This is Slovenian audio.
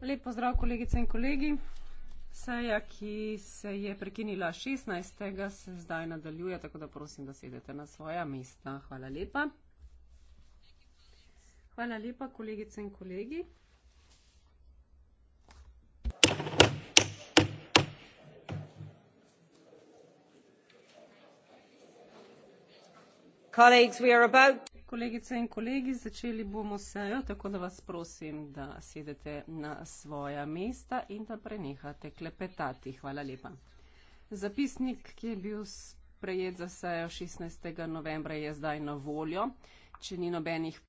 lep pozdrav kolegice in kolegi seja ki se je prekinila šestnajstega se zdaj nadaljuje tako da prosim da sedete na svoja mesta hvala lepa hvala lepa kolegice in kolegi Colleagues, we are about kolegice in kolegi, začeli bomo sejo, tako da vas prosim, da sedete na svoja mesta in da prenehate klepetati. Hvala lepa. Zapisnik, ki je bil sprejet za sejo 16. novembra, je zdaj na voljo. Če ni nobenih